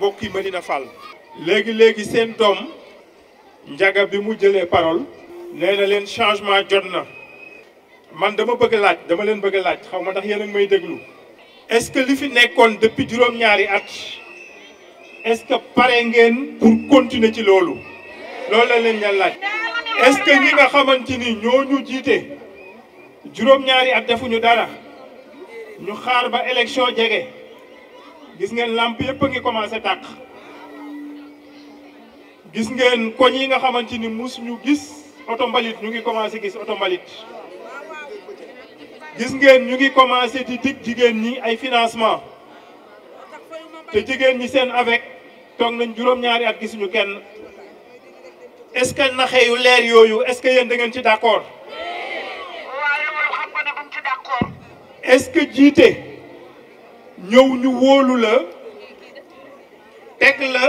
mbokki Medina Fall. léegi léegi seen doom njaga bi mu jëlee parole. nee na leen changement jot na. man dama bëgg laaj dama leen bëgg laaj xaw ma tax yéen a may déglu. est-ce que li fi nekkoon depuis juróom-ñaari at. est-ce que pare ngeen pour continuer ci loolu. loolu leen ñaan laaj. est-ce que ñi nga xamante ni ñoo ñu jiite. juróom-ñaari at defuñu dara. ñu xaar ba élection jege. gis ngeen làmp yëpp a ngi commencé tàkk gis ngeen koñ yi nga xamante ni mu suñu gis oto mbalit ñu ngi commencé gis auto mbalit gis ngeen ñu ngi commencé di dig jigéen ñi ay financement te jigéen ñi seen avec toog nañ juróom-ñaari at gisuñu kenn est-ce que naxe yu leer yooyu est-ce que yéen da ngeen ci d'accord est-ce que jiite ñëw ñu wóolu la teg la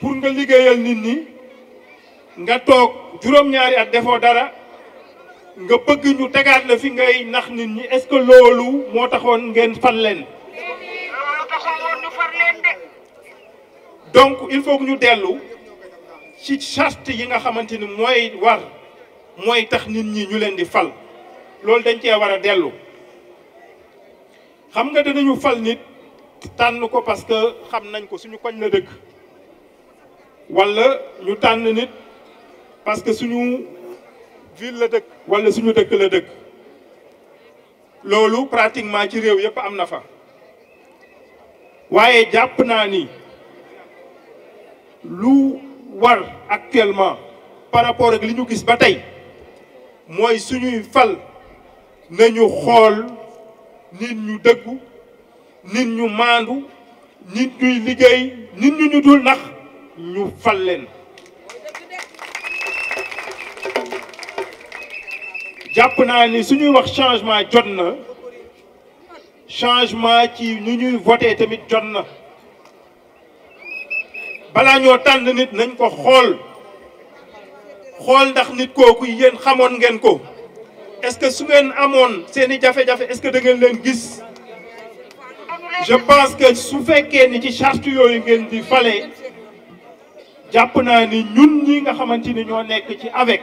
pour nga liggéeyal nit ñi nga toog juróom-ñaari at defoo dara nga bëgg ñu tegaat la fi ngay nax nit ñi est-ce loolu moo taxoon ngeen fal leen. donc il faut ñu dellu ci charte yi nga xamante ni mooy war mooy tax nit ñi ñu leen di fal loolu dañ cee war a dellu. xam nga danañu fal nit tànn ko parce que xam nañ ko suñu koñ la dëkk wala ñu tànn nit parce que suñu ville la dëkk wala suñu dëkk la dëkk loolu pratiquement ci réew yëpp am na fa waaye jàpp naa ni lu war actuellement par rapport ak li ñu gis ba tey mooy suñuy fal ñu xool nit ñu dëggu nit ñu maandu nit ñuy liggéey nit ñu ñu dul nax ñu fal leen jàpp naa ni suñuy wax changement jot na changement ci ñu ñuy voté tamit jot na balaa ñoo tànn nit nañ ko xool xool ndax nit kooku yéen xamoon ngeen ko est-ce que su ngeen amoon seeni i jafe-jafe est-ce que da ngeen leen gis je pense que su fekkee ni ci charte yooyu ngeen di fale jàpp naa ni ñun ñi nga xamante ni ñoo nekk ci avec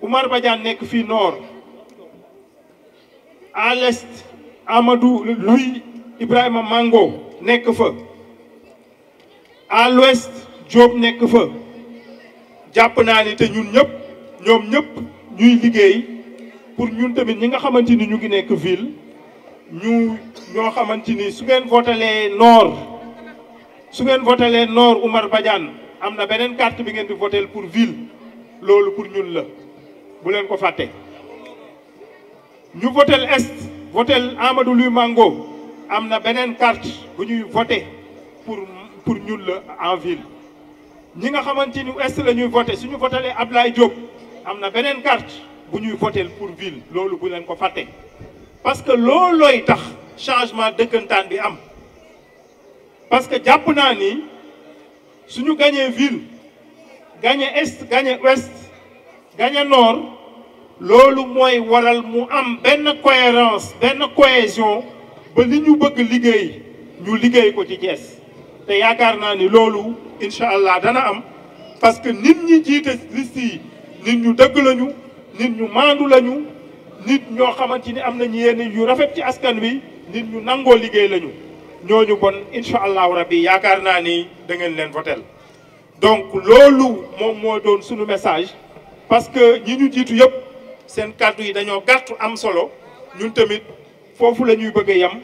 Oumar Badiane nekk fii nord à l'est Amadou Louis Ibrahima Mango nekk fa à l'ouest Diop nekk fa jàpp naa ni te ñun ñëpp ñoom ñëpp ñuy liggéey pour ñun tamit ñi nga xamante ni ñu ngi nekk ville ñu ñoo xamante ni su ngeen votalee nord su ngeen noor nord Oumar Badiane am na beneen carte bi ngeen di votel pour ville loolu pour ñun la bu leen ko fàtte ñu votel est votel Amadou Louis Mango am na beneen carte bu ñuy voté pour pour ñun la en ville ñi nga xamante ni est la ñuy voté suñu ab Ablaye jóg am na beneen carte bu ñuy voteel pour ville loolu bu leen ko fàtte parce que loolooy tax changement dëkkantaan bi am parce que jàpp naa ni suñu gañee ville gañe est gañe ouest gañe nord loolu mooy waral mu am benn cohérence benn cohésion ba li ñu bëgg liggéey ñu liggéey ko ci Thiès te yaakaar naa ni loolu incha allah dana am parce que nit ñi jiite liste yi nit ñu dëgg lañu nit ñu maandu lañu nit ñoo xamante ni am nañu yenn yu rafet ci askan wi nit ñu nangoo liggéey lañu ñooñu bon incha allahu rabbi yaakaar naa ni dangeen leen votel donc loolu moom moo doon suñu message parce que ñi ñu jiitu yëpp seen kàddu yi dañoo gàrtu am solo ñun tamit foofu la ñuy bëgg a yem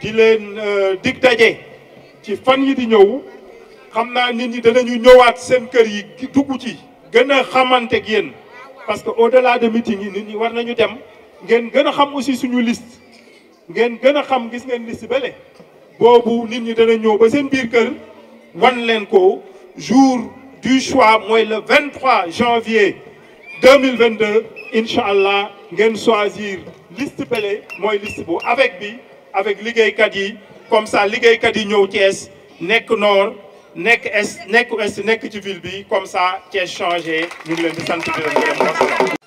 di leen euh, dig daje ci fan yi di ñëw xam naa nit ñi danañu ñëwaat seen kër yi dugg ci gën a xamante génn parce que au-delà de meeting yi nit ñi war nañu dem ngeen gën a xam aussi suñu list ngeen gën a xam gis ngeen liste bële boobu nit ñi dana ñëw ba seen biir kër wan leen ko jour du choix mooy le 23 janvier 2022 incha allah ngeen choisir liste bële mooy list bu avec bi avec liggéeykat yi comme ça liggéeykat yi ñëw Thiès nekk Nord. nekk est nekku est nekk ci ville bi comme ça Thiès changé ñu ngi leen di sant di leen gërëm